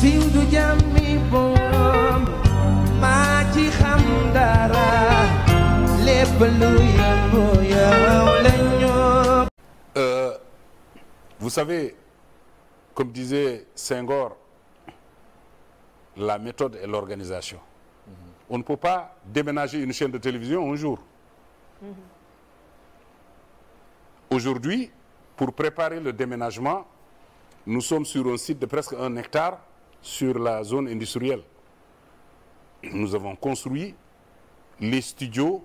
Euh, vous savez, comme disait Senghor, la méthode et l'organisation. On ne peut pas déménager une chaîne de télévision un jour. Aujourd'hui, pour préparer le déménagement, nous sommes sur un site de presque un hectare sur la zone industrielle. Nous avons construit les studios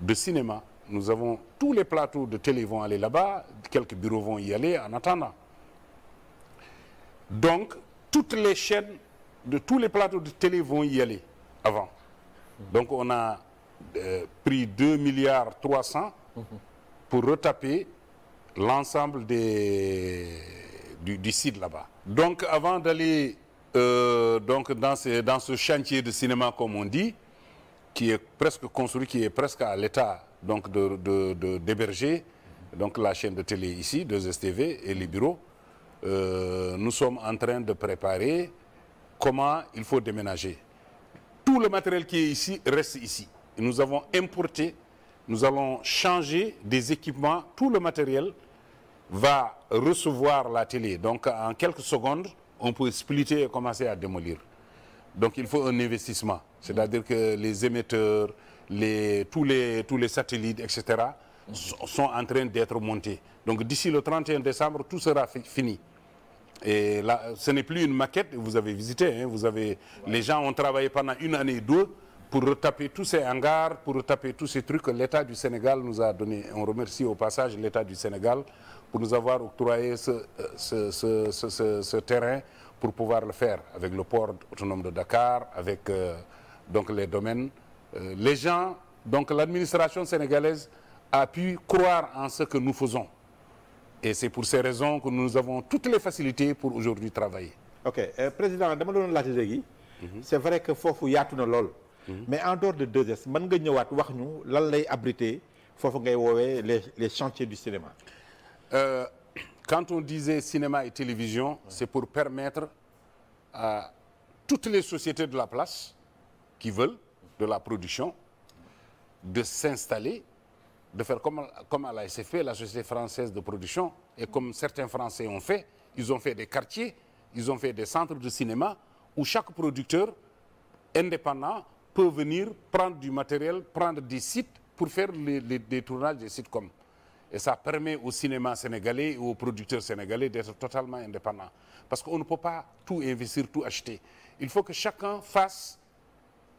de cinéma. Nous avons tous les plateaux de télé vont aller là-bas, quelques bureaux vont y aller en attendant. Donc, toutes les chaînes de tous les plateaux de télé vont y aller avant. Donc, on a euh, pris 2 milliards 300 pour retaper l'ensemble du, du site là-bas. Donc, avant d'aller euh, donc dans ce, dans ce chantier de cinéma, comme on dit, qui est presque construit, qui est presque à l'état donc d'héberger de, de, donc la chaîne de télé ici, 2STV et les bureaux, euh, nous sommes en train de préparer comment il faut déménager. Tout le matériel qui est ici reste ici. nous avons importé, nous allons changer des équipements, tout le matériel va recevoir la télé. Donc en quelques secondes, on peut splitter et commencer à démolir. Donc il faut un investissement, c'est-à-dire que les émetteurs, les, tous, les, tous les satellites, etc., sont en train d'être montés. Donc d'ici le 31 décembre, tout sera fini. Et là, ce n'est plus une maquette, vous avez visité, hein. vous avez, les gens ont travaillé pendant une année et deux, pour retaper tous ces hangars, pour retaper tous ces trucs l'État du Sénégal nous a donné. On remercie au passage l'État du Sénégal pour nous avoir octroyé ce, terrain pour pouvoir le faire avec le port autonome de Dakar, avec euh, donc les domaines. Euh, les gens, donc l'administration sénégalaise a pu croire en ce que nous faisons. Et c'est pour ces raisons que nous avons toutes les facilités pour aujourd'hui travailler. Ok. Euh, président, mhm. c'est vrai que Fofou Yatuna LOL. Hmm. mais en dehors de deux s mën nga ñëwaat wax ñu lan les chantiers du cinéma. Euh, quand on disait cinéma et télévision, c'est pour permettre à toutes les sociétés de la place qui veulent de la production de s'installer, de faire comme, comme à la SFP, la Société française de production, et comme certains Français ont fait, ils ont fait des quartiers, ils ont fait des centres de cinéma où chaque producteur indépendant peut venir prendre du matériel, prendre des sites pour faire les, des tournages des sites comme. Et ça permet au cinéma sénégalais ou aux producteurs sénégalais d'être totalement indépendants. Parce qu'on ne peut pas tout investir, tout acheter. Il faut que chacun fasse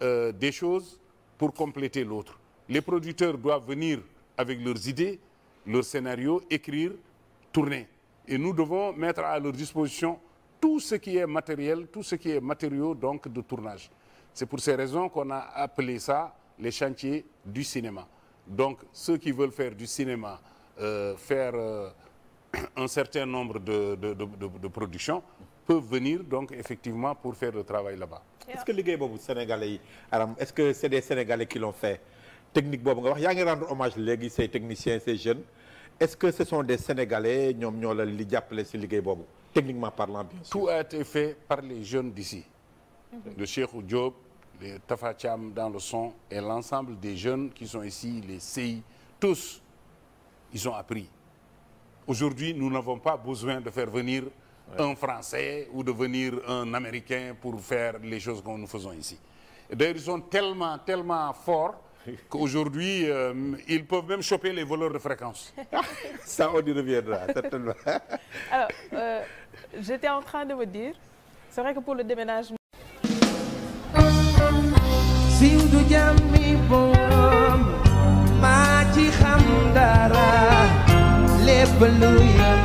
euh, des choses pour compléter l'autre. Les producteurs doivent venir avec leurs idées, leurs scénarios, écrire, tourner. Et nous devons mettre à leur disposition tout ce qui est matériel, tout ce qui est matériaux donc de tournage. C'est pour ces raisons qu'on a appelé ça les chantiers du cinéma. Donc ceux qui veulent faire du cinéma, euh, faire euh, un certain nombre de, productions, peuvent venir donc effectivement pour faire le travail là-bas. Est-ce que les Sénégalais, est-ce que c'est des Sénégalais qui l'ont fait Technique il y a rendre hommage à ces techniciens, ces jeunes. Est-ce que ce sont des Sénégalais qui ont appelé techniquement parlant Tout a été fait par les jeunes d'ici. Mhm. le Cheikh Oudjob, les Tafacham dans le son et l'ensemble des jeunes qui sont ici, les CI, tous, ils ont appris. Aujourd'hui, nous n'avons pas besoin de faire venir un Français ou de venir un Américain pour faire les choses que nous faisons ici. D'ailleurs, ils sont tellement, tellement forts qu'aujourd'hui, euh, ils peuvent même choper les voleurs de fréquence. Ça, on y reviendra, certainement. Alors, euh, j'étais en train de vous dire, c'est vrai que pour le déménagement, siiw du jàmmi borom maa ci xam dara lépp luy